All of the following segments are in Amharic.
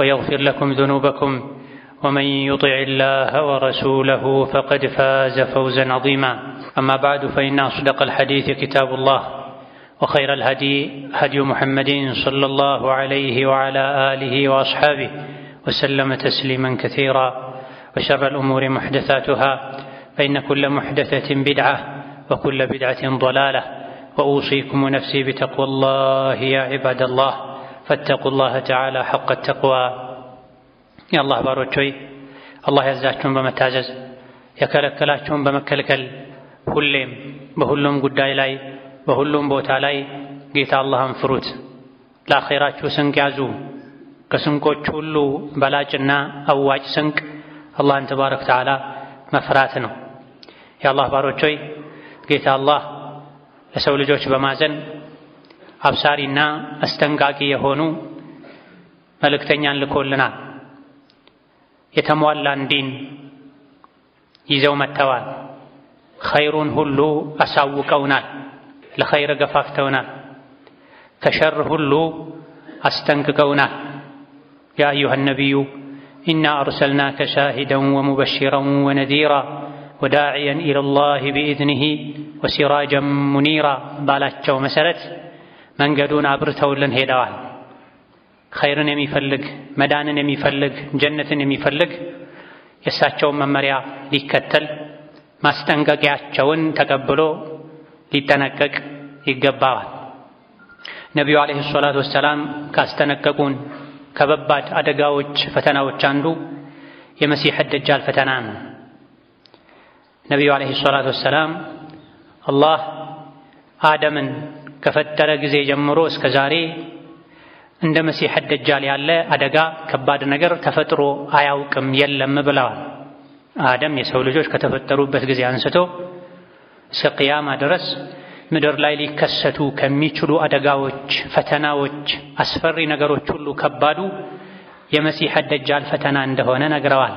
ويغفر لكم ذنوبكم ومن يطع الله ورسوله فقد فاز فوزا عظيما أما بعد فإن أصدق الحديث كتاب الله وخير الهدي هدي محمد صلى الله عليه وعلى آله وأصحابه وسلم تسليما كثيرا وشر الأمور محدثاتها فإن كل محدثة بدعة وكل بدعة ضلالة وأوصيكم نفسي بتقوى الله يا عباد الله ፈተቁላህ ተዓላ ሐቀ ተቅዋ የአላህ ባሮች ሆይ አላህ ያዛችሁን በመታዘዝ የከለከላችሁን በመከልከል ሁሌም በሁሉም ጉዳይ ላይ በሁሉም ቦታ ላይ ጌታ አላህን ፍሩት። ለአኼራችሁ ስንቅ ያዙ። ከስንቆች ሁሉ በላጭና አዋጭ ስንቅ አላህን ተባረክ ተዓላ መፍራት ነው። የአላህ ባሮች ሆይ ጌታ አላህ ለሰው ልጆች በማዘን أبصارنا أستنقاكي يهونو ملك تنيان لكولنا يتموال لاندين يزو متوال خير هلو أساو كونا لخير قفافتونا كشر هلو أستنق كونا يا أيها النبي إنا أرسلناك شاهدا ومبشرا ونذيرا وداعيا إلى الله بإذنه وسراجا منيرا بالاتشو مسرت مسرت መንገዱን አብርተውልን ሄደዋል። ኸይርን የሚፈልግ መዳንን የሚፈልግ ጀነትን የሚፈልግ የእሳቸውን መመሪያ ሊከተል ማስጠንቀቂያቸውን ተቀብሎ ሊጠነቀቅ ይገባዋል። ነቢዩ ዓለይሂ ሰላቱ ወሰላም ካስጠነቀቁን ከበባድ አደጋዎች፣ ፈተናዎች አንዱ የመሲሕ ደጃል ፈተና ነው። ነቢዩ ዓለይሂ ሰላቱ ወሰላም አላህ አደምን ከፈጠረ ጊዜ ጀምሮ እስከ ዛሬ እንደ መሲሕ ደጃል ያለ አደጋ ከባድ ነገር ተፈጥሮ አያውቅም የለም ብለዋል። አደም የሰው ልጆች ከተፈጠሩበት ጊዜ አንስቶ እስከ ቅያማ ድረስ ምድር ላይ ሊከሰቱ ከሚችሉ አደጋዎች፣ ፈተናዎች፣ አስፈሪ ነገሮች ሁሉ ከባዱ የመሲሕ ደጃል ፈተና እንደሆነ ነግረዋል።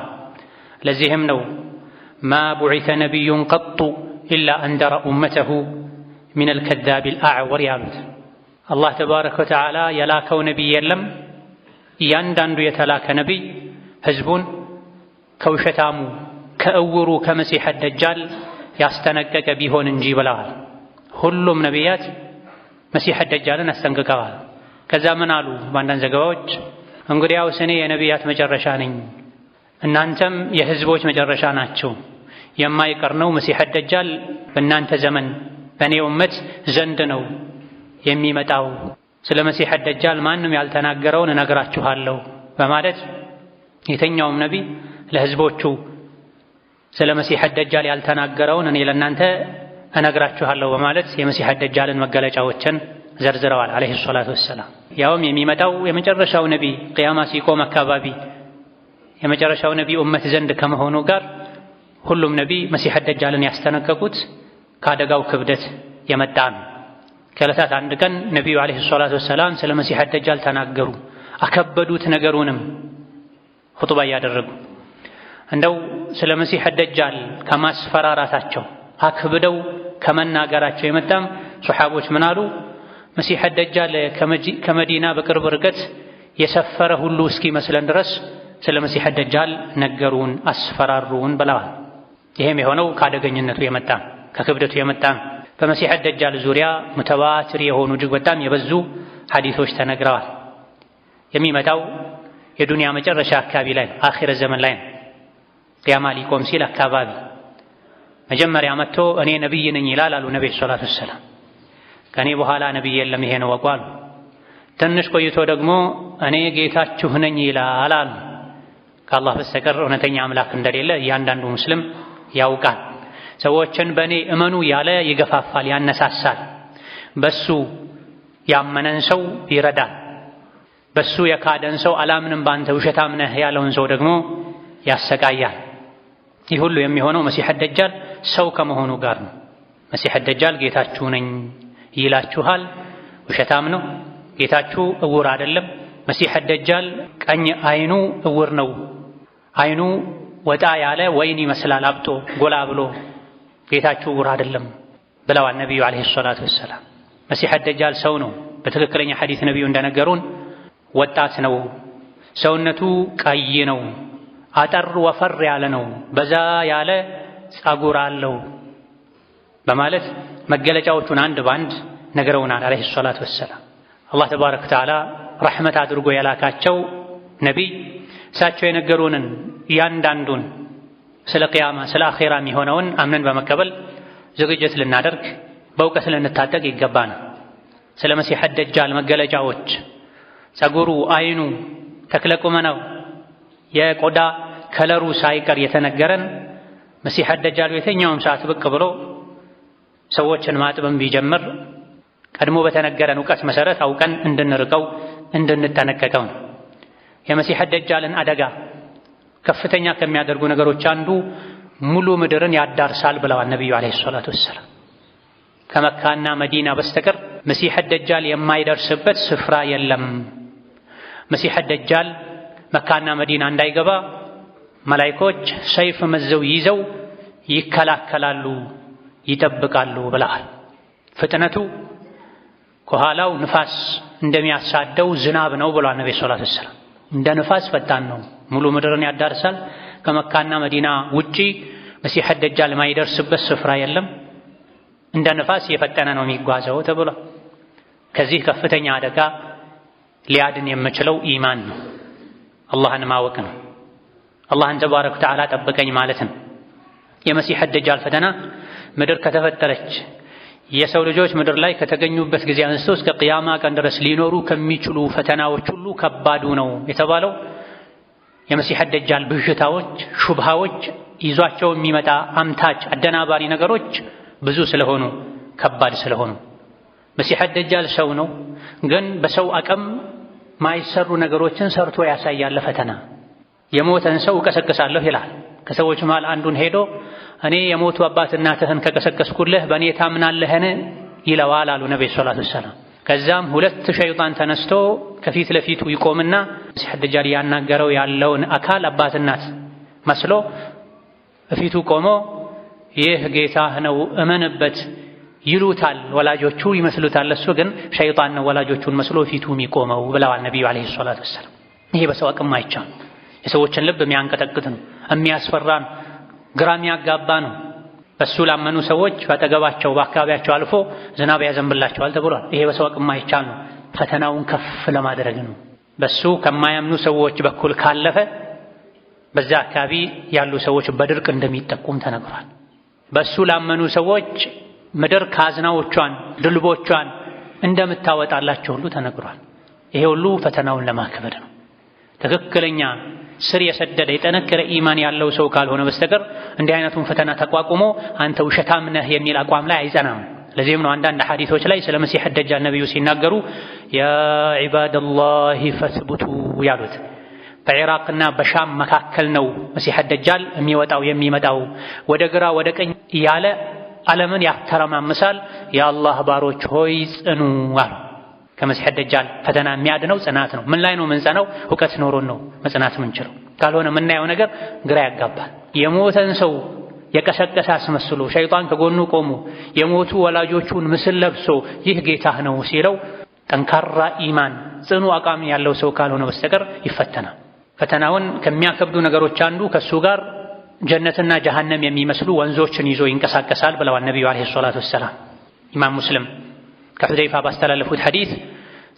ለዚህም ነው ማ ቡዒተ ነቢዩን ቀጡ ኢላ አንደረ ኡመተሁ من الكذاب الأعور يالوت الله تبارك وتعالى يلاكو نبي يلم ياندان دو يتلاك نبي حزبون كوشتامو كأورو كمسيح الدجال ياستنقك بيهون نجيب لها هلوم نبيات مسيح الدجال نستنقك غال كذا منالو باندان زقوج انقر ياو سني يا نبيات مجرشانين ان انتم يا حزبوش يما يقرنو مسيح الدجال بنان زمن በእኔ ኡመት ዘንድ ነው የሚመጣው ስለ መሲሐ ደጃል ማንም ያልተናገረውን እነግራችኋለሁ በማለት የተኛውም ነቢ ለህዝቦቹ ስለ መሲሐ ደጃል ያልተናገረውን እኔ ለእናንተ እነግራችኋለሁ በማለት የመሲሐ ደጃልን መገለጫዎችን ዘርዝረዋል አለይሂ ሰላቱ ወሰላም። ያውም የሚመጣው የመጨረሻው ነቢ ቅያማ ሲቆም አካባቢ የመጨረሻው ነቢ ኡመት ዘንድ ከመሆኑ ጋር ሁሉም ነቢ መሲሐ ደጃልን ያስተነቀቁት ከአደጋው ክብደት የመጣ ነው። ከዕለታት አንድ ቀን ነቢዩ ዓለይሂ ሰላቱ ወሰላም ስለ መሲሕ ደጃል ተናገሩ። አከበዱት ነገሩንም ኹጥባ እያደረጉ እንደው ስለ መሲሕ ደጃል ከማስፈራራታቸው አክብደው ከመናገራቸው የመጣም ሶሓቦች ምን አሉ? መሲሕ ደጃል ከመዲና በቅርብ ርቀት የሰፈረ ሁሉ እስኪመስለን ድረስ ስለ መሲሕ ደጃል ነገሩን፣ አስፈራሩን ብለዋል። ይህም የሆነው ከአደገኝነቱ የመጣ ከክብደቱ የመጣ ነው። ደጃል ዙሪያ ሙተዋትር የሆኑ እጅግ በጣም የበዙ ሐዲሶች ተነግረዋል። የሚመጣው የዱንያ መጨረሻ አካባቢ ላይ ነው፣ አኺረ ዘመን ላይ ነው። ቂያማ ሊቆም ሲል አካባቢ መጀመሪያ መጥቶ እኔ ነቢይ ነኝ ይላል አሉ ነቢ ሰላቱ ወሰላም። ከእኔ በኋላ ነቢይ የለም ይሄ ነው ወቁ አሉ። ትንሽ ቆይቶ ደግሞ እኔ ጌታችሁ ነኝ ይላል አሉ። ከአላህ በስተቀር እውነተኛ አምላክ እንደሌለ እያንዳንዱ ሙስልም ያውቃል። ሰዎችን በእኔ እመኑ ያለ ይገፋፋል፣ ያነሳሳል። በሱ ያመነን ሰው ይረዳል። በሱ የካደን ሰው አላምንም ባንተ ውሸታም ነህ ያለውን ሰው ደግሞ ያሰቃያል። ይህ ሁሉ የሚሆነው መሲሕ ደጃል ሰው ከመሆኑ ጋር ነው። መሲሕ ደጃል ጌታችሁ ነኝ ይላችኋል፣ ውሸታም ነው። ጌታችሁ እውር አይደለም። መሲሕ ደጃል ቀኝ አይኑ እውር ነው። አይኑ ወጣ ያለ ወይን ይመስላል አብጦ ጎላ ብሎ ጌታችሁ ዕውር አይደለም ብለዋል ነቢዩ ዓለይሂ ሰላቱ ወሰላም። መሲሕ ደጃል ሰው ነው። በትክክለኛ ሐዲስ ነቢዩ እንደነገሩን ወጣት ነው። ሰውነቱ ቀይ ነው። አጠር ወፈር ያለ ነው። በዛ ያለ ጸጉር አለው በማለት መገለጫዎቹን አንድ ባንድ ነግረውናል። ዓለይሂ ሰላቱ ወሰላም አላህ ተባረከ ወተዓላ ረሕመት አድርጎ የላካቸው ነቢይ እሳቸው የነገሩንን እያንዳንዱን ስለ ቅያማ ስለ አኼራ የሚሆነውን አምነን በመቀበል ዝግጅት ልናደርግ በእውቀት ልንታጠቅ ነው። ስለ መሲሐ ደጃል መገለጫዎች፣ ፀጉሩ፣ አይኑ፣ ተክለቁመናው፣ የቆዳ ከለሩ ሳይቀር የተነገረን መሲሐ ደጃል በየትኛውም ሰዓት ብቅ ብሎ ሰዎችን ማጥበም ቢጀምር ቀድሞ በተነገረን እውቀት መሰረት አውቀን እንድንርቀው እንድንጠነቀቀው ነው። የመሲሐ ደጃልን አደጋ ከፍተኛ ከሚያደርጉ ነገሮች አንዱ ሙሉ ምድርን ያዳርሳል ብለዋል ነቢዩ ዓለይሂ ሰላቱ ወሰላም። ከመካና መዲና በስተቀር መሲሕ ደጃል የማይደርስበት ስፍራ የለም። መሲሕ ደጃል መካና መዲና እንዳይገባ መላይኮች ሰይፍ መዘው ይዘው ይከላከላሉ፣ ይጠብቃሉ ብለዋል። ፍጥነቱ ከኋላው ንፋስ እንደሚያሳደው ዝናብ ነው ብለዋል ነቢዩ ሰላቱ ወሰላም። እንደ ንፋስ ፈጣን ነው። ሙሉ ምድርን ያዳርሳል። ከመካና መዲና ውጪ መሲህ ደጃል ማይደርስበት ስፍራ የለም። እንደ ነፋስ የፈጠነ ነው የሚጓዘው ተብሏል። ከዚህ ከፍተኛ አደጋ ሊያድን የምችለው ኢማን ነው። አላህን ማወቅ ነው። አላህን ተባረክ ወተዓላ ጠብቀኝ ማለት ነው። የመሲህ ደጃል ፈተና ምድር ከተፈጠረች የሰው ልጆች ምድር ላይ ከተገኙበት ጊዜ አንስቶ እስከ ቅያማ ቀን ድረስ ሊኖሩ ከሚችሉ ፈተናዎች ሁሉ ከባዱ ነው የተባለው የመሲሐ ደጃል ብዥታዎች፣ ሹብሃዎች ይዟቸው የሚመጣ አምታች አደናባሪ ነገሮች ብዙ ስለሆኑ ከባድ ስለሆኑ መሲሐ ደጃል ሰው ነው፣ ግን በሰው አቅም ማይሰሩ ነገሮችን ሰርቶ ያሳያል። ፈተና የሞተን ሰው እቀሰቅሳለሁ ይላል። ከሰዎች መሃል አንዱን ሄዶ እኔ የሞቱ አባት እናትህን ከቀሰቀስኩልህ በእኔ ታምናለህን ይለዋል አሉ ነቢ ሰላቱ ወሰላም። ከዛም ሁለት ሸይጣን ተነስቶ ከፊት ለፊቱ ይቆምና መሲሕ ደጃል ያናገረው ያለውን አካል አባትናት መስሎ እፊቱ ቆሞ ይህ ጌታህ ነው እመንበት ይሉታል። ወላጆቹ ይመስሉታል፣ እሱ ግን ሸይጣን ነው ወላጆቹን መስሎ ፊቱ የሚቆመው ብለዋል ነቢዩ ዓለይሂ ሰላቱ ወሰላም። ይሄ በሰው አቅም አይቻል። የሰዎችን ልብ የሚያንቀጠቅጥ ነው፣ የሚያስፈራ ነው፣ ግራ የሚያጋባ ነው። በሱ ላመኑ ሰዎች በአጠገባቸው በአካባቢያቸው አልፎ ዝናብ ያዘንብላቸዋል ተብሏል። ይሄ በሰው አቅም አይቻል ነው። ፈተናውን ከፍ ለማድረግ ነው። በሱ ከማያምኑ ሰዎች በኩል ካለፈ በዛ አካባቢ ያሉ ሰዎች በድርቅ እንደሚጠቁም ተነግሯል። በሱ ላመኑ ሰዎች ምድር ካዝናዎቿን ድልቦቿን እንደምታወጣላቸው ሁሉ ተነግሯል። ይሄ ሁሉ ፈተናውን ለማክበድ ነው። ትክክለኛ ስር የሰደደ የጠነከረ ኢማን ያለው ሰው ካልሆነ በስተቀር እንዲህ አይነቱን ፈተና ተቋቁሞ አንተ ውሸታም ነህ የሚል አቋም ላይ አይጸናም። ለዚህም ነው አንዳንድ ሐዲሶች ላይ ስለ መሲህ ደጃል ነብዩ ሲናገሩ ያ ዒባደላሂ ፈስቡቱ ያሉት። በኢራቅና በሻም መካከል ነው መሲህ ደጃል የሚወጣው የሚመጣው። ወደ ግራ ወደ ቀኝ እያለ ዓለምን ያተረማምሳል። የአላህ ባሮች ሆይ ጽኑ አሉ። ከመሲህ ደጃል ፈተና የሚያድነው ጽናት ነው። ምን ላይ ነው ምንጸናው? እውቀት ኖሮን ነው መጽናት ምንችለው። ካልሆነ የምናየው ነገር ግራ ያጋባል። የሞተን ሰው የቀሰቀሰ አስመስሎ ሸይጣን ከጎኑ ቆሞ የሞቱ ወላጆቹን ምስል ለብሶ ይህ ጌታህ ነው ሲለው ጠንካራ ኢማን ጽኑ አቋም ያለው ሰው ካልሆነ በስተቀር ይፈተናል። ፈተናውን ከሚያከብዱ ነገሮች አንዱ ከእሱ ጋር ጀነትና ጀሃነም የሚመስሉ ወንዞችን ይዞ ይንቀሳቀሳል ብለዋል ነቢዩ ዓለይሂ ሰላቱ ወሰላም። ኢማም ሙስሊም ከሑዘይፋ ባስተላለፉት ሐዲስ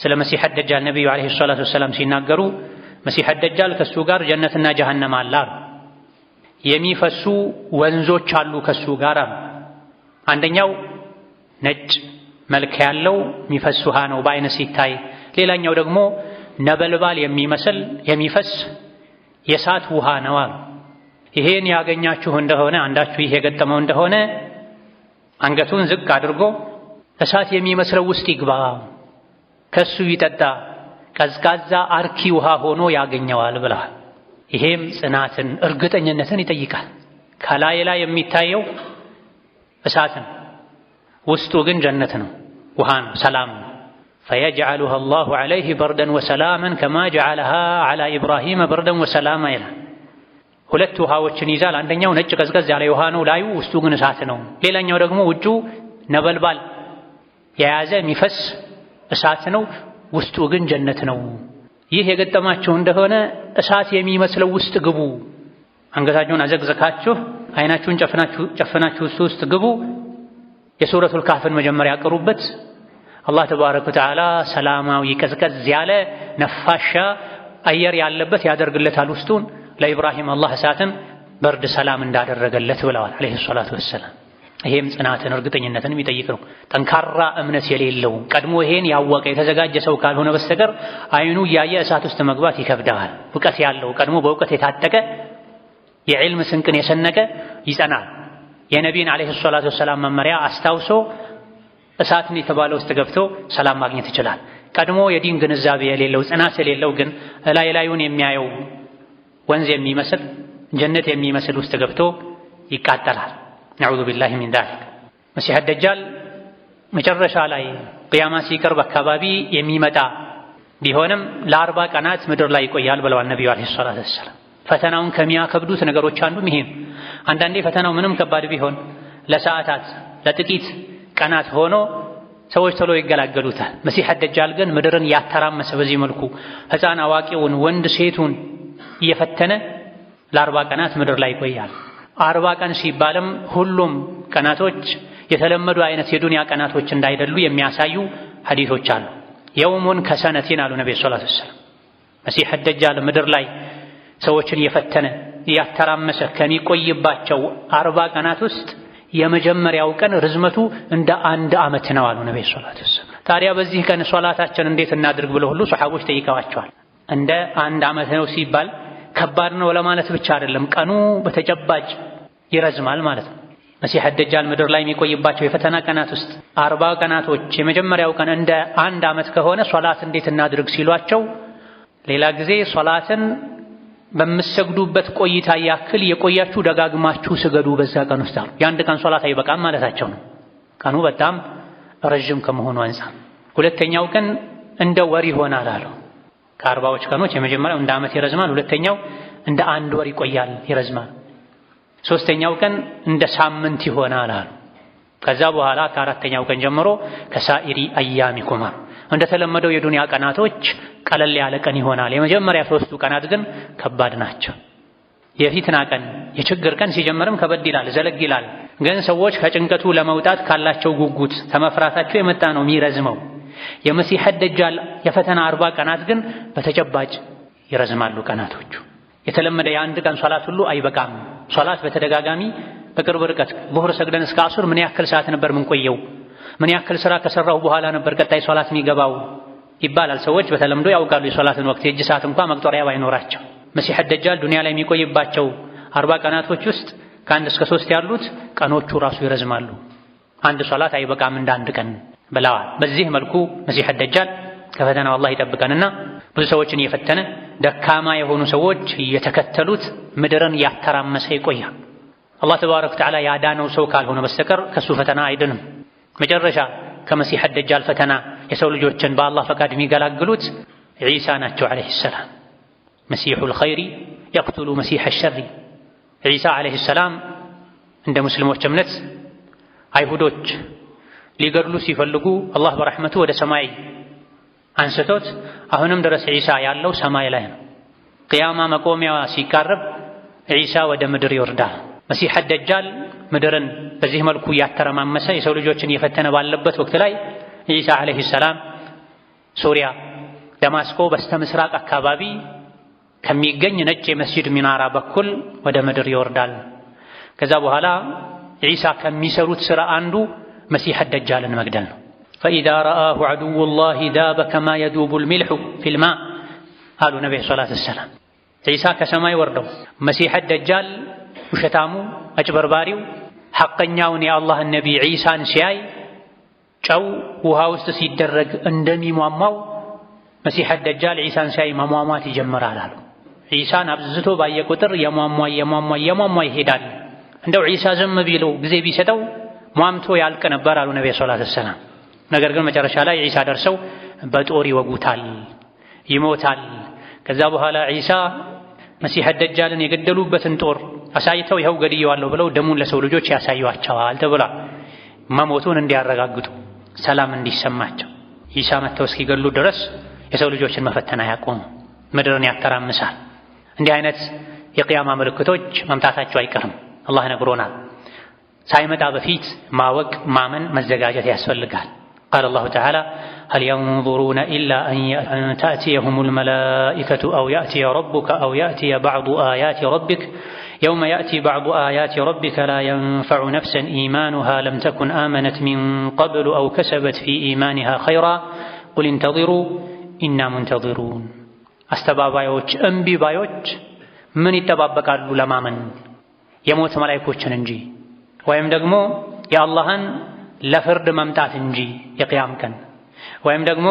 ስለ መሲህ ደጃል ነቢዩ ዓለይሂ ሰላቱ ወሰላም ሲናገሩ መሲሕ ደጃል ከእሱ ጋር ጀነትና ጀሃነም አለ አሉ። የሚፈሱ ወንዞች አሉ ከሱ ጋር። አንደኛው ነጭ መልክ ያለው የሚፈስ ውሃ ነው በአይነ ሲታይ። ሌላኛው ደግሞ ነበልባል የሚመስል የሚፈስ የእሳት ውሃ ነው አሉ። ይሄን ያገኛችሁ እንደሆነ አንዳችሁ ይህ የገጠመው እንደሆነ አንገቱን ዝቅ አድርጎ እሳት የሚመስለው ውስጥ ይግባ፣ ከሱ ይጠጣ፣ ቀዝቃዛ አርኪ ውሃ ሆኖ ያገኘዋል ብለሃል። ይሄም ጽናትን እርግጠኝነትን ይጠይቃል። ከላይ ላይ የሚታየው እሳት ነው፣ ውስጡ ግን ጀነት ነው፣ ውሃ ነው፣ ሰላም ነው። ፈየጅዓሉሃ አላሁ ዐለይሂ በርደን ወሰላመን ከማ ጀዓለሃ ዐላ ኢብራሂመ በርደን ወሰላማ ይላል። ሁለት ውሃዎችን ይዛል። አንደኛው ነጭ ቀዝቀዝ ያለ ውሃ ነው፣ ላዩ ውስጡ ግን እሳት ነው። ሌላኛው ደግሞ ውጩ ነበልባል የያዘ የሚፈስ እሳት ነው፣ ውስጡ ግን ጀነት ነው። ይህ የገጠማችሁ እንደሆነ እሳት የሚመስለው ውስጥ ግቡ፣ አንገታችሁን አዘግዘካችሁ አይናችሁን ጨፍናችሁ እሱ ውስጥ ግቡ። የሱረቱል ካፍን መጀመሪያ ያቀሩበት አላህ ተባረከ ወተዓላ ሰላማዊ ቀዝቀዝ ያለ ነፋሻ አየር ያለበት ያደርግለታል ውስጡን። ለኢብራሂም አላህ እሳትን በርድ ሰላም እንዳደረገለት ብለዋል አለይሂ ሰላቱ ወሰላም። ይሄም ጽናትን እርግጠኝነትን የሚጠይቅ ነው። ጠንካራ እምነት የሌለው ቀድሞ ይሄን ያወቀ የተዘጋጀ ሰው ካልሆነ በስተቀር አይኑ እያየ እሳት ውስጥ መግባት ይከብዳል። እውቀት ያለው ቀድሞ በእውቀት የታጠቀ የዕልም ስንቅን የሰነቀ ይጸናል። የነቢይን ዓለይሂ ሰላቱ ወሰላም መመሪያ አስታውሶ እሳትን የተባለ ውስጥ ገብቶ ሰላም ማግኘት ይችላል። ቀድሞ የዲን ግንዛቤ የሌለው ጽናት የሌለው ግን እላይ ላዩን የሚያየው ወንዝ የሚመስል ጀነት የሚመስል ውስጥ ገብቶ ይቃጠላል። ነዑዙ ቢላሂ ሚን ዛሊክ መሲሐ ደጃል መጨረሻ ላይ ቅያማ ሲቀርብ አካባቢ የሚመጣ ቢሆንም ለአርባ ቀናት ምድር ላይ ይቆያል ብለዋል ነቢዩ ዓለይሂ ሰላቱ ወሰላም። ፈተናውን ከሚያከብዱት ነገሮች አንዱም ይሄ ነው። አንዳንዴ ፈተናው ምንም ከባድ ቢሆን ለሰዓታት ለጥቂት ቀናት ሆኖ ሰዎች ቶሎ ይገላገሉታል። መሲሐ ደጃል ግን ምድርን ያተራመሰ በዚህ መልኩ ሕፃን አዋቂውን፣ ወንድ ሴቱን እየፈተነ ለአርባ ቀናት ምድር ላይ ይቆያል። አርባ ቀን ሲባልም ሁሉም ቀናቶች የተለመዱ አይነት የዱንያ ቀናቶች እንዳይደሉ የሚያሳዩ ሐዲሶች አሉ። የውሙን ከሰነቲን አሉ ነቢ ሰለላሁ ዐለይሂ ወሰለም። መሲህ ደጃል ምድር ላይ ሰዎችን እየፈተነ እያተራመሰ ከሚቆይባቸው አርባ ቀናት ውስጥ የመጀመሪያው ቀን ርዝመቱ እንደ አንድ ዓመት ነው አሉ ነቢ ሰለላሁ ዐለይሂ ወሰለም። ታዲያ በዚህ ቀን ሶላታችን እንዴት እናድርግ ብለው ሁሉ ሰሓቦች ጠይቀዋቸዋል። እንደ አንድ ዓመት ነው ሲባል ከባድ ነው ለማለት ብቻ አይደለም፣ ቀኑ በተጨባጭ ይረዝማል ማለት ነው። መሲህ ደጃል ምድር ላይ የሚቆይባቸው የፈተና ቀናት ውስጥ አርባ ቀናቶች የመጀመሪያው ቀን እንደ አንድ ዓመት ከሆነ ሶላት እንዴት እናድርግ ሲሏቸው፣ ሌላ ጊዜ ሶላትን በምሰግዱበት ቆይታ ያክል የቆያችሁ ደጋግማችሁ ስገዱ በዛ ቀን ውስጥ አሉ። የአንድ ቀን ሶላት አይበቃም ማለታቸው ነው። ቀኑ በጣም ረዥም ከመሆኑ አንፃር ሁለተኛው ቀን እንደ ወር ይሆናል አሉ። ከአርባዎች ቀኖች የመጀመሪያው እንደ ዓመት ይረዝማል። ሁለተኛው እንደ አንድ ወር ይቆያል ይረዝማል። ሶስተኛው ቀን እንደ ሳምንት ይሆናል አሉ። ከዛ በኋላ ከአራተኛው ቀን ጀምሮ ከሳኢሪ አያም ይቆማ እንደ ተለመደው የዱንያ ቀናቶች ቀለል ያለ ቀን ይሆናል። የመጀመሪያ ሶስቱ ቀናት ግን ከባድ ናቸው። የፊትና ቀን የችግር ቀን ሲጀምርም ከበድ ይላል፣ ዘለግ ይላል። ግን ሰዎች ከጭንቀቱ ለመውጣት ካላቸው ጉጉት ተመፍራታቸው የመጣ ነው የሚረዝመው የመሲሐ ደጃል የፈተና አርባ ቀናት ግን በተጨባጭ ይረዝማሉ ቀናቶቹ። የተለመደ የአንድ ቀን ሶላት ሁሉ አይበቃም። ሶላት በተደጋጋሚ በቅርብ ርቀት ዙህር ሰግደን እስከ አሱር ምን ያክል ሰዓት ነበር ምንቆየው? ምን ያክል ስራ ከሰራሁ በኋላ ነበር ቀጣይ ሶላት የሚገባው ይባላል። ሰዎች በተለምዶ ያውቃሉ የሶላትን ወቅት። የእጅ ሰዓት እንኳ መቁጠሪያ ባይኖራቸው መሲሐ ደጃል ዱንያ ላይ የሚቆይባቸው አርባ ቀናቶች ውስጥ ከአንድ እስከ ሶስት ያሉት ቀኖቹ ራሱ ይረዝማሉ። አንድ ሶላት አይበቃም እንደ አንድ ቀን ብለዋል። በዚህ መልኩ መሲሕ ደጃል ከፈተና አላህ ይጠብቀንና ብዙ ሰዎችን እየፈተነ ደካማ የሆኑ ሰዎች እየተከተሉት ምድርን እያተራመሰ ይቆያል። አላህ ተባረከ ወተዓላ ያዳነው ሰው ካልሆነ በስተቀር ከሱ ፈተና አይድንም። መጨረሻ ከመሲሕ ደጃል ፈተና የሰው ልጆችን በአላህ ፈቃድ የሚገላግሉት ዒሳ ናቸው ዓለይሂ ሰላም። መሲሑል ኸይሪ የቅቱሉ መሲሕ ሸሪ። ዒሳ ዓለይሂ ሰላም እንደ ሙስሊሞች እምነት አይሁዶች ሊገድሉ ሲፈልጉ አላህ በረሕመቱ ወደ ሰማይ አንስቶት አሁንም ድረስ ዒሳ ያለው ሰማይ ላይ ነው። ቅያማ መቆሚያ ሲቃረብ ዒሳ ወደ ምድር ይወርዳል። መሲሕ ደጃል ምድርን በዚህ መልኩ እያተረማመሰ የሰው ልጆችን እየፈተነ ባለበት ወቅት ላይ ዒሳ ዓለይሂ ሰላም ሱሪያ ደማስቆ በስተ ምስራቅ አካባቢ ከሚገኝ ነጭ የመስጂድ ሚናራ በኩል ወደ ምድር ይወርዳል። ከዛ በኋላ ዒሳ ከሚሰሩት ሥራ አንዱ مسيح الدجال المجدل فإذا رآه عدو الله ذاب كما يذوب الملح في الماء قال نبي عليه وسلم عيسى كسماء وردو مسيح الدجال وشتامو أجبر باريو حقا يوني الله النبي عيسى سياي شو وهاو استسيد درج اندمي مواماو مسيح الدجال عيسى سياي مواماتي جمرا لالو عيسى نبزتو باي يا يمواما يا يمواما يهدان عندو عيسى زم بيلو بزي بيستو ሟምቶ ያልቅ ነበር አሉ ነቢ ሰለላሁ ዐለይሂ ወሰለም። ነገር ግን መጨረሻ ላይ ዒሳ ደርሰው በጦር ይወጉታል፣ ይሞታል። ከዛ በኋላ ዒሳ መሲሐ ደጃልን የገደሉበትን ጦር አሳይተው ይኸው ገድየዋለሁ ብለው ደሙን ለሰው ልጆች ያሳዩአቸዋል ተብሏል። መሞቱን እንዲያረጋግጡ ሰላም እንዲሰማቸው ዒሳ መጥተው እስኪገሉ ድረስ የሰው ልጆችን መፈተን አያቆሙ፣ ምድርን ያተራምሳል። እንዲህ አይነት የቅያማ ምልክቶች መምታታቸው አይቀርም፣ አላህ ነግሮናል። ሳይመጣ በፊት ማወቅ ማመን መዘጋጀት ያስፈልጋል። ቃለ ላሁ ተዓላ ሀል የንظሩነ ኢላ አን ተእትየሁም ልመላኢከቱ አው የእትየ ረቡከ አው የእትየ ባዕዱ አያት ረቢክ የውመ የእቲ ባዕዱ አያት ረቢከ ላ የንፈዑ ነፍሰን ኢማኑሃ ለም ተኩን አመነት ሚን ቀብሉ አው ከሰበት ፊ ኢማንሃ ኸይራ ቁል እንተظሩ ኢና ሙንተظሩን። አስተባባዮች እምቢ ባዮች ምን ይጠባበቃሉ ለማመን የሞት መላይኮችን እንጂ ወይም ደግሞ የአላህን ለፍርድ መምጣት እንጂ የቅያም ቀን ወይም ደግሞ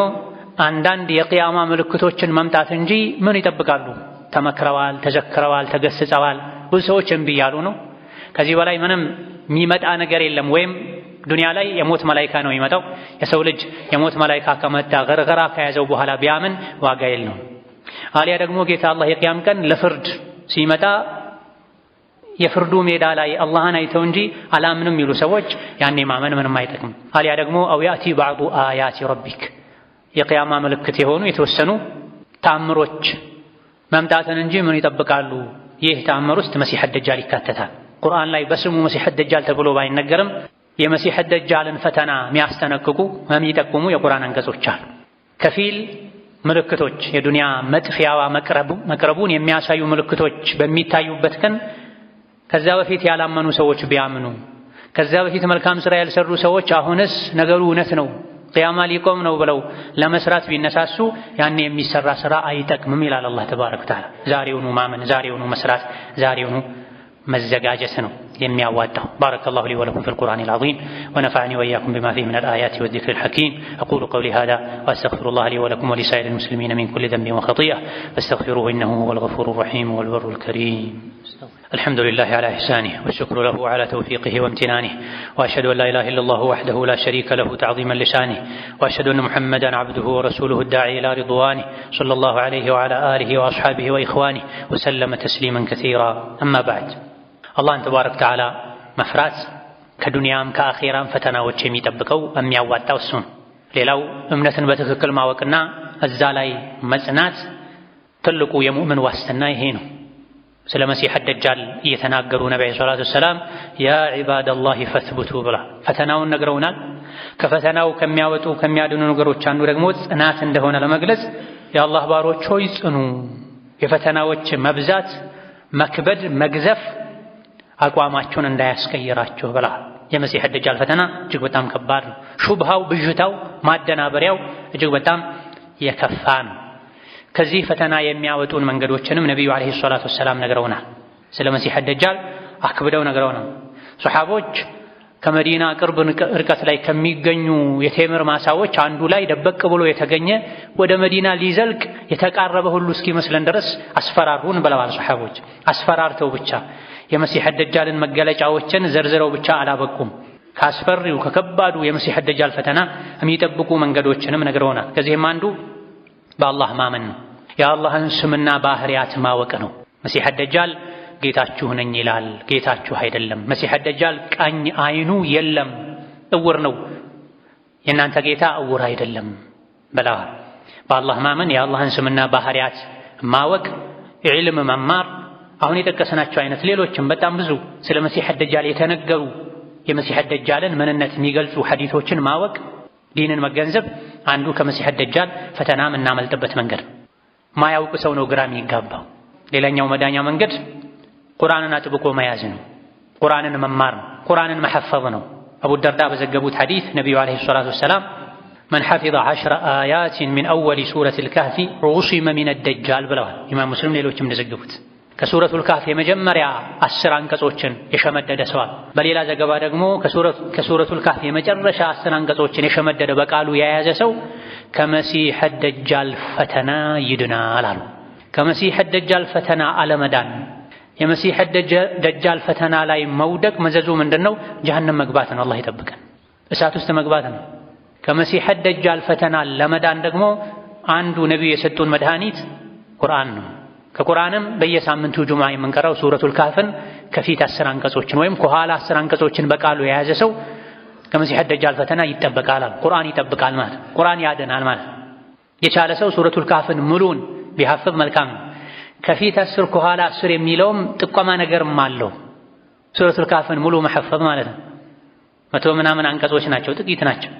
አንዳንድ የቅያማ ምልክቶችን መምጣት እንጂ ምን ይጠብቃሉ? ተመክረዋል፣ ተዘክረዋል፣ ተገስጸዋል። ብዙ ሰዎች እምቢ እያሉ ነው። ከዚህ በላይ ምንም የሚመጣ ነገር የለም። ወይም ዱንያ ላይ የሞት መላይካ ነው የሚመጣው። የሰው ልጅ የሞት መላይካ ከመጣ ገርገራ ከያዘው በኋላ ቢያምን ዋጋ የለውም። አሊያ ደግሞ ጌታ አላህ የቅያም ቀን ለፍርድ ሲመጣ የፍርዱ ሜዳ ላይ አላህን አይተው እንጂ አላምንም ይሉ ሰዎች ያኔ ማመን ምንም አይጠቅም። አልያ ደግሞ አው ያእቲ ባዕዱ አያቲ ረቢክ የቅያማ ምልክት የሆኑ የተወሰኑ ታምሮች መምጣትን እንጂ ምን ይጠብቃሉ? ይህ ታምር ውስጥ መሲሕ ደጃል ይካተታል። ቁርአን ላይ በስሙ መሲሕ ደጃል ተብሎ ባይነገርም የመሲሕ ደጃልን ፈተና የሚያስጠነቅቁ የሚጠቁሙ የቁርአን አንቀጾች አሉ። ከፊል ምልክቶች የዱንያ መጥፊያዋ መቅረቡን የሚያሳዩ ምልክቶች በሚታዩበት ቀን ከዛ በፊት ያላመኑ ሰዎች ቢያምኑ ከዛ በፊት መልካም ሥራ ያልሰሩ ሰዎች አሁንስ ነገሩ እውነት ነው ቅያማ ሊቆም ነው ብለው ለመስራት ቢነሳሱ ያኔ የሚሰራ ሥራ አይጠቅምም ይላል አላህ ተባረከ ወተዓላ። ዛሬውኑ ማመን፣ ዛሬውኑ መስራት፣ ዛሬውኑ መዘጋጀት ነው። يمياواته بارك الله لي ولكم في القرآن العظيم ونفعني وإياكم بما فيه من الآيات والذكر الحكيم أقول قولي هذا وأستغفر الله لي ولكم ولسائر المسلمين من كل ذنب وخطيئة فاستغفروه إنه هو الغفور الرحيم والبر الكريم الحمد لله على إحسانه والشكر له على توفيقه وامتنانه وأشهد أن لا إله إلا الله وحده لا شريك له تعظيما لشانه وأشهد أن محمدا عبده ورسوله الداعي إلى رضوانه صلى الله عليه وعلى آله وأصحابه وإخوانه وسلم تسليما كثيرا أما بعد አላህን ተባረክ ተዓላ መፍራት ከዱንያም ከአኼራም ፈተናዎች የሚጠብቀው የሚያዋጣው እሱ ነው። ሌላው እምነትን በትክክል ማወቅና እዛ ላይ መጽናት ትልቁ የሙእምን ዋስትና ይሄ ነው። ስለ መሲሕ ደጃል እየተናገሩ ነቢ ዓለይሂ ሰላቱ ወሰላም ያ ዒባደላሂ ፈትቡቱ ብላ ፈተናውን ነግረውናል። ከፈተናው ከሚያወጡ ከሚያድኑ ነገሮች አንዱ ደግሞ ጽናት እንደሆነ ለመግለጽ የአላህ ባሮች ሆይ ጽኑ። የፈተናዎች መብዛት፣ መክበድ፣ መግዘፍ አቋማችሁን እንዳያስቀይራችሁ ብለሃል። የመሲህ ደጃል ፈተና እጅግ በጣም ከባድ ነው። ሹብሃው፣ ብዥታው፣ ማደናበሪያው እጅግ በጣም የከፋ ነው። ከዚህ ፈተና የሚያወጡን መንገዶችንም ነቢዩ ዓለይሂ ሰላቱ ወሰላም ነግረውናል። ስለ መሲህ ደጃል አክብደው ነግረውናል። ሶሓቦች ከመዲና ቅርብ ርቀት ላይ ከሚገኙ የቴምር ማሳዎች አንዱ ላይ ደበቅ ብሎ የተገኘ ወደ መዲና ሊዘልቅ የተቃረበ ሁሉ እስኪመስለን ድረስ አስፈራሩን ብለዋል። ሶሓቦች አስፈራርተው ብቻ የመሲሕ ደጃልን መገለጫዎችን ዘርዝረው ብቻ አላበቁም። ካስፈሪው ከከባዱ የመሲሕ ደጃል ፈተና የሚጠብቁ መንገዶችንም ነግረውናል። ከዚህም አንዱ በአላህ ማመን ነው። የአላህን ስምና ባህሪያት ማወቅ ነው። መሲሕ ደጃል ጌታችሁ ነኝ ይላል። ጌታችሁ አይደለም። መሲሕ ደጃል ቀኝ አይኑ የለም፣ እውር ነው። የእናንተ ጌታ እውር አይደለም ብለዋል። በአላህ ማመን የአላህን ስምና ባህሪያት ማወቅ ዕልም መማር አሁን የጠቀስናቸው አይነት ሌሎችም በጣም ብዙ ስለ መሲህ ደጃል የተነገሩ የመሲህ ደጃልን ምንነት የሚገልጹ ሐዲቶችን ማወቅ ዲንን መገንዘብ አንዱ ከመሲህ ደጃል ፈተና የምናመልጥበት መንገድ ነው። ማያውቅ ሰው ነው ግራ የሚጋባው። ሌላኛው መዳኛ መንገድ ቁርአንን አጥብቆ መያዝ ነው። ቁርአንን መማር ነው። ቁርአንን መሐፈዝ ነው። አቡ ደርዳ በዘገቡት ሐዲት ነቢዩ ዓለይሂ ሰላቱ ወሰላም መን ሐፊዘ ዐሽረ አያቲን ሚን አወሊ ሱረቲል ካህፊ ዑሲመ ሚነደጃል ብለዋል። ኢማም ሙስሊም ሌሎችም እንደዘገቡት ከሱረቱል ካፍ የመጀመሪያ አስር አንቀጾችን የሸመደደ ሰዋል። በሌላ ዘገባ ደግሞ ከሱረቱል ካፍ የመጨረሻ አስር አንቀጾችን የሸመደደ በቃሉ የያዘ ሰው ከመሲህ ደጃል ፈተና ይድናል አሉ። ከመሲህ ደጃል ፈተና አለመዳን፣ የመሲህ ደጃል ፈተና ላይ መውደቅ መዘዙ ምንድነው? ጀሀነም መግባት ነው። አላህ ይጠብቀን፣ እሳት ውስጥ መግባት ነው። ከመሲህ ደጃል ፈተና ለመዳን ደግሞ አንዱ ነቢዩ የሰጡን መድኃኒት ቁርአን ነው። ከቁርአንም በየሳምንቱ ጁማ የምንቀራው ሱረቱል ካህፍን ከፊት አስር አንቀጾችን ወይም ከኋላ አስር አንቀጾችን በቃሉ የያዘ ሰው ከመሲህ ደጃል ፈተና ይጠበቃል። ቁርአን ይጠብቃል ማለት ቁርአን ያደናል ማለት የቻለ ሰው ሱረቱል ካህፍን ሙሉን ቢሐፍብ መልካም ነው። ከፊት አስር ከኋላ አስር የሚለውም ጥቆማ ነገርም አለው። ሱረቱል ካህፍን ሙሉ መሐፈብ ማለት ነው። መቶ ምናምን አንቀጾች ናቸው፣ ጥቂት ናቸው።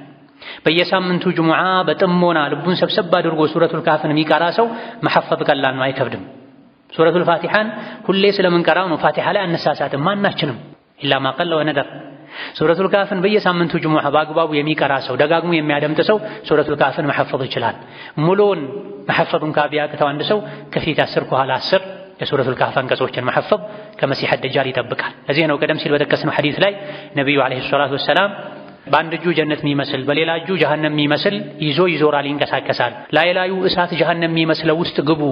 በየሳምንቱ ጁሙዓ በጥሞና ልቡን ሰብሰብ አድርጎ ሱረቱል ካህፍን የሚቀራ ሰው መሐፈብ ቀላል ነው፣ አይከብድም። ሱረቱል ፋቲሃን ሁሌ ስለምንቀራው ነው። ፋቲሓ ላይ አነሳሳትም ማናችንም ኢላ ማቀለ ወነደር። ሱረቱል ካፍን በየሳምንቱ ጅሙዓ በአግባቡ የሚቀራ ሰው ደጋግሞ የሚያደምጥ ሰው ሱረቱል ካፍን መሐፈዝ ይችላል። ሙሉውን መሐፈዙን ካቢያቅተው አንድ ሰው ከፊት አስር ከኋላ አስር የሱረቱል ካፍ አንቀጾችን መሐፈዝ ከመሲሕ ደጃል ይጠብቃል። ለዚህ ነው ቀደም ሲል በጠቀስነው ሐዲስ ላይ ነቢዩ ዓለይሂ ሰላቱ ወሰላም በአንድ እጁ ጀነት የሚመስል በሌላ እጁ ጀሀነም የሚመስል ይዞ ይዞራል፣ ይንቀሳቀሳል። ላይላዩ እሳት ጀሀነም የሚመስለው ውስጥ ግቡ።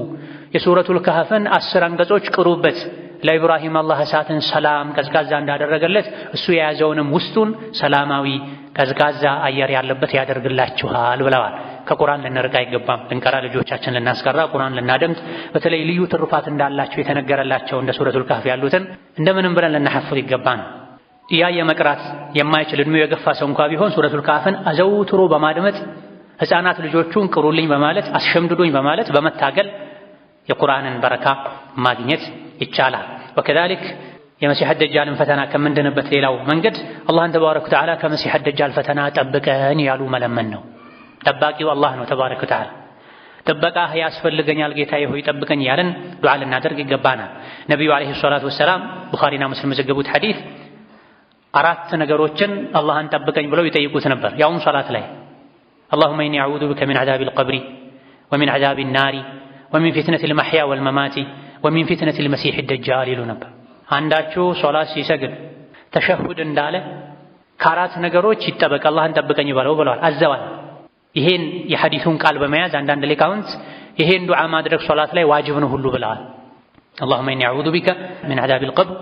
የሱረቱል ካህፍን አስር አንቀጾች ቅሩበት። ለኢብራሂም አላህ እሳትን ሰላም ቀዝቃዛ እንዳደረገለት እሱ የያዘውንም ውስጡን ሰላማዊ ቀዝቃዛ አየር ያለበት ያደርግላችኋል ብለዋል። ከቁርአን ልንርቅ አይገባም። ልንቀራ፣ ልጆቻችን ልናስቀራ፣ ቁርአን ልናደምጥ፣ በተለይ ልዩ ትሩፋት እንዳላቸው የተነገረላቸው እንደ ሱረቱል ካህፍ ያሉትን እንደምንም ብለን ልናሐፍዝ ይገባ ነው። እያየ መቅራት የማይችል ዕድሜው የገፋ ሰው እንኳ ቢሆን ሱረቱል ካፍን አዘውትሮ በማድመጥ ህፃናት ልጆቹን ቅሩልኝ በማለት አስሸምድዱኝ በማለት በመታገል የቁርአንን በረካ ማግኘት ይቻላል። ወከዛሊክ የመሲሕ ደጃልን ፈተና ከምንድንበት ሌላው መንገድ አላህን ተባረከ ወተዓላ ከመሲሕ ደጃል ፈተና ጠብቀን ያሉ መለመን ነው። ጠባቂው አላህ ነው ተባረከ ወተዓላ። ጥበቃህ ያስፈልገኛል ጌታዬ ሆይ ጠብቀኝ ያለን ዱዓ ልናደርግ ይገባናል። ነቢዩ ዓለይሂ ሰላቱ ወሰላም ቡኻሪና ሙስሊም የዘገቡት ሐዲስ አራት ነገሮችን አላህን ጠብቀኝ ብለው ይጠይቁት ነበር። ያውም ሰላት ላይ አላሁመ ኢኒ አዑዙ ቢከ ሚን ዐዛቢል ቀብሪ ወሚን ዐዛቢን ናሪ ወሚን ፊትነቲል መሕያ ወልመማቲ ወሚን ፊትነቲል መሲሕ ደጃል ይሉ ነበር። አንዳችሁ ሶላት ሲሰግድ ተሸሁድ እንዳለ ከአራት ነገሮች ይጠበቅ አላህን ጠብቀኝ በለው ብለዋል፣ አዘዋል። ይሄን የሐዲሱን ቃል በመያዝ አንዳንድ ሊቃውንት ይሄን ዱዓ ማድረግ ሶላት ላይ ዋጅብ ነው ሁሉ ብለዋል። አላሁመ ኢኒ አዑዙ ቢከ ሚን ዐዛቢል ቀብር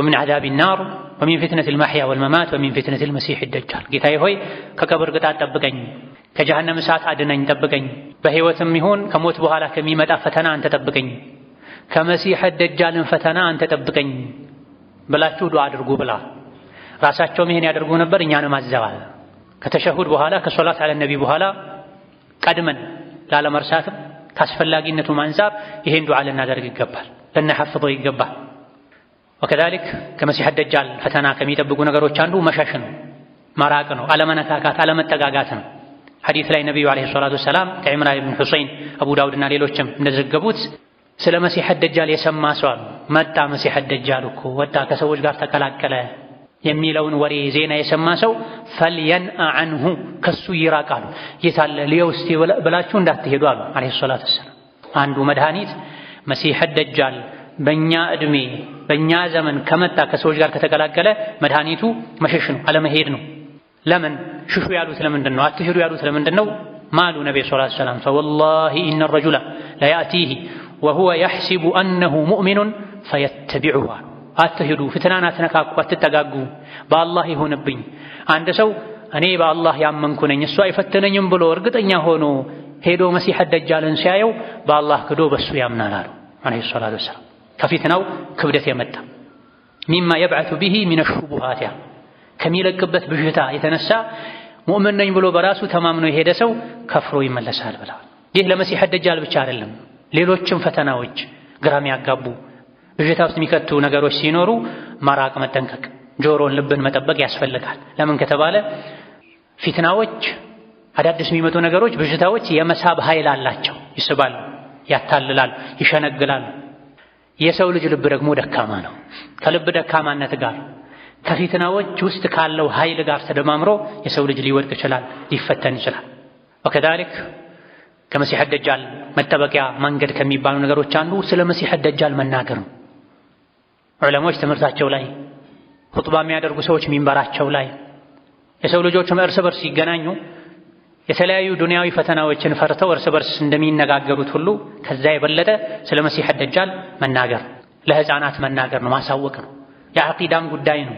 ወሚን ዐዛቢን ናር ወሚን ፊትነት ልማሕያ ወልመማት ወሚን ፊትነት ልመሲሕ ይደጃል። ጌታዬ ሆይ ከቀብር ቅጣት ጠብቀኝ፣ ከጀሃነም እሳት አድነኝ፣ ጠብቀኝ። በሕይወትም ይሁን ከሞት በኋላ ከሚመጣ ፈተና አንተ ጠብቀኝ፣ ከመሲሕ ደጃልን ፈተና አንተ ጠብቀኝ ብላችሁ ዱዓ አድርጉ ብላ ራሳቸውም ይሄን ያደርጉ ነበር። እኛንም አዘባል። ከተሸሁድ በኋላ ከሶላት አለ ነቢ በኋላ ቀድመን ላለመርሳትም ከአስፈላጊነቱም አንፃር ይሄን ዱዓ ልናደርግ ይገባል፣ ልናሐፍበው ይገባል። ወከዛሊክ ከመሲሕ ደጃል ፈተና ከሚጠብቁ ነገሮች አንዱ መሸሽ ነው፣ መራቅ ነው፣ አለመነካካት፣ አለመጠጋጋት ነው። ሐዲስ ላይ ነቢዩ ዓለይሂ ሰላቱ ወሰላም ከዕምራን ብን ሑሰይን አቡ ዳውድና ሌሎችም እንደዘገቡት ስለ መሲሕ ደጃል የሰማ ሰው አሉ መጣ መሲሕ ደጃል እኮ ወጣ ከሰዎች ጋር ተቀላቀለ የሚለውን ወሬ ዜና የሰማ ሰው ፈልየንአ አንሁ ከሱ ይራቅ አሉ። የታለ ልየው እስቲ ብላችሁ እንዳትሄዱ አሉ ዓለይሂ ሰላቱ ወሰላም። አንዱ መድኃኒት መሲሕ ደጃል በእኛ እድሜ በእኛ ዘመን ከመጣ ከሰዎች ጋር ከተቀላቀለ መድኃኒቱ መሸሽ ነው፣ አለመሄድ ነው። ለምን ሽሹ ያሉት ለምንድን ነው? አትሄዱ ያሉት ለምንድን ነው? ማሉ ነቢ ሰለላሁ ዐለይሂ ወሰለም ፈወላሂ ኢነ ረጁለ ለያእቲሂ ወሁወ የሕሲቡ አነሁ ሙእሚኑን ፈየተቢዑሁ አትሂዱ፣ ፍትናን አትነካኩ፣ አትጠጋጉ፣ በአላህ ይሆንብኝ። አንድ ሰው እኔ በአላህ ያመንኩ ነኝ እሱ አይፈትነኝም ብሎ እርግጠኛ ሆኖ ሄዶ መሲሐ ደጃልን ሲያየው በአላህ ክዶ በሱ ያምናል አሉ ዓለይሂ ሰላቱ ወሰላም። ከፊትናው ክብደት የመጣ ሚማ የብዓቱ ቢሂ ሚነ ሹቡሃት ያ ከሚለቅበት ብዥታ የተነሳ ሙእምን ነኝ ብሎ በራሱ ተማምኖ የሄደ ሰው ከፍሮ ይመለሳል ብለዋል። ይህ ለመሲሕ ደጃል ብቻ አይደለም። ሌሎችም ፈተናዎች ግራም ያጋቡ ብዥታ ውስጥ የሚከቱ ነገሮች ሲኖሩ መራቅ፣ መጠንቀቅ፣ ጆሮን፣ ልብን መጠበቅ ያስፈልጋል። ለምን ከተባለ ፊትናዎች፣ አዳዲስ የሚመጡ ነገሮች፣ ብዥታዎች የመሳብ ኃይል አላቸው። ይስባሉ፣ ያታልላሉ፣ ይሸነግላሉ። የሰው ልጅ ልብ ደግሞ ደካማ ነው። ከልብ ደካማነት ጋር ከፊትናዎች ውስጥ ካለው ኃይል ጋር ተደማምሮ የሰው ልጅ ሊወድቅ ይችላል፣ ሊፈተን ይችላል። ወከዛሊክ ከመሲሕ ደጃል መጠበቂያ መንገድ ከሚባሉ ነገሮች አንዱ ስለ መሲሕ ደጃል መናገር ነው። ዑለሞች ትምህርታቸው ላይ፣ ኹጥባ የሚያደርጉ ሰዎች ሚንበራቸው ላይ፣ የሰው ልጆች እርስ በርስ ሲገናኙ የተለያዩ ዱንያዊ ፈተናዎችን ፈርተው እርስ በርስ እንደሚነጋገሩት ሁሉ ከዛ የበለጠ ስለ መሲህ ደጃል መናገር ለህፃናት መናገር ነው፣ ማሳወቅ ነው። የአቂዳም ጉዳይ ነው፣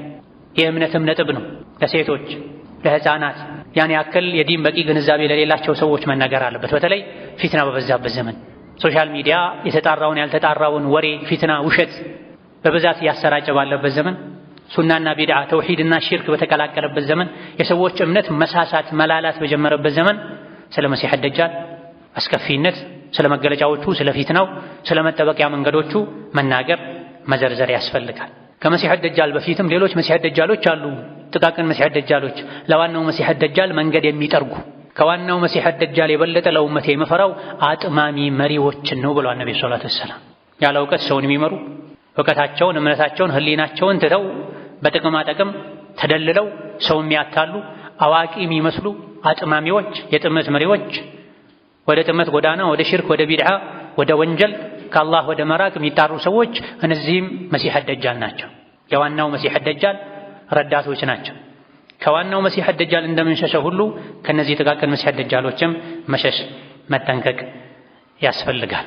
የእምነትም ነጥብ ነው። ለሴቶች ለህፃናት ያን ያክል የዲን በቂ ግንዛቤ ለሌላቸው ሰዎች መናገር አለበት። በተለይ ፊትና በበዛበት ዘመን ሶሻል ሚዲያ የተጣራውን ያልተጣራውን ወሬ፣ ፊትና፣ ውሸት በብዛት እያሰራጨ ባለበት ዘመን ሱናና ቢድዓ ተውሂድና ሽርክ በተቀላቀለበት ዘመን የሰዎች እምነት መሳሳት መላላት በጀመረበት ዘመን ስለ መሲሕ ደጃል አስከፊነት፣ ስለ መገለጫዎቹ፣ ስለ ፊትናው፣ ስለ መጠበቂያ መንገዶቹ መናገር መዘርዘር ያስፈልጋል። ከመሲሕ ደጃል በፊትም ሌሎች መሲሕ ደጃሎች አሉ። ጥቃቅን መሲሕ ደጃሎች ለዋናው መሲሕ ደጃል መንገድ የሚጠርጉ ከዋናው መሲሕ ደጃል የበለጠ ለኡመቴ የመፈራው አጥማሚ መሪዎችን ነው ብለዋል ነቢ ሰላቱ ወሰላም። ያለ እውቀት ሰውን የሚመሩ እውቀታቸውን እምነታቸውን ህሊናቸውን ትተው በጥቅማ ጥቅም ተደልለው ሰው የሚያታሉ አዋቂ የሚመስሉ አጥማሚዎች፣ የጥመት መሪዎች ወደ ጥመት ጎዳና፣ ወደ ሽርክ፣ ወደ ቢድዓ፣ ወደ ወንጀል ከአላህ ወደ መራቅ የሚጣሩ ሰዎች እነዚህም መሲሐ ደጃል ናቸው። የዋናው መሲሐ ደጃል ረዳቶች ናቸው። ከዋናው መሲሐ ደጃል እንደምንሸሸው ሁሉ ከነዚህ ጥቃቅን መሲሐ ደጃሎችም መሸሽ መጠንቀቅ ያስፈልጋል።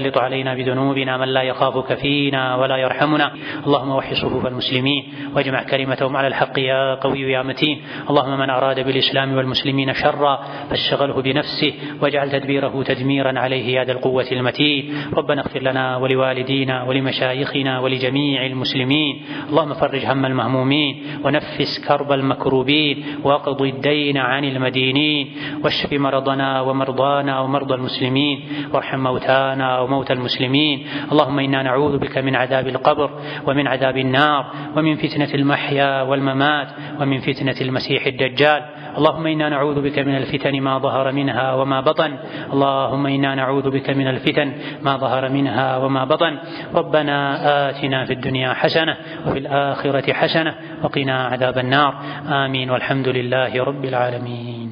تسلط علينا بذنوبنا من لا يخافك فينا ولا يرحمنا اللهم وحي صفوف المسلمين واجمع كلمتهم على الحق يا قوي يا متين اللهم من أراد بالإسلام والمسلمين شرا فاشغله بنفسه واجعل تدبيره تدميرا عليه يا ذا القوة المتين ربنا اغفر لنا ولوالدينا ولمشايخنا ولجميع المسلمين اللهم فرج هم المهمومين ونفس كرب المكروبين واقض الدين عن المدينين واشف مرضنا ومرضانا ومرضى المسلمين وارحم موتانا والشهداء وموتى المسلمين اللهم إنا نعوذ بك من عذاب القبر ومن عذاب النار ومن فتنة المحيا والممات ومن فتنة المسيح الدجال اللهم إنا نعوذ بك من الفتن ما ظهر منها وما بطن اللهم إنا نعوذ بك من الفتن ما ظهر منها وما بطن ربنا آتنا في الدنيا حسنة وفي الآخرة حسنة وقنا عذاب النار آمين والحمد لله رب العالمين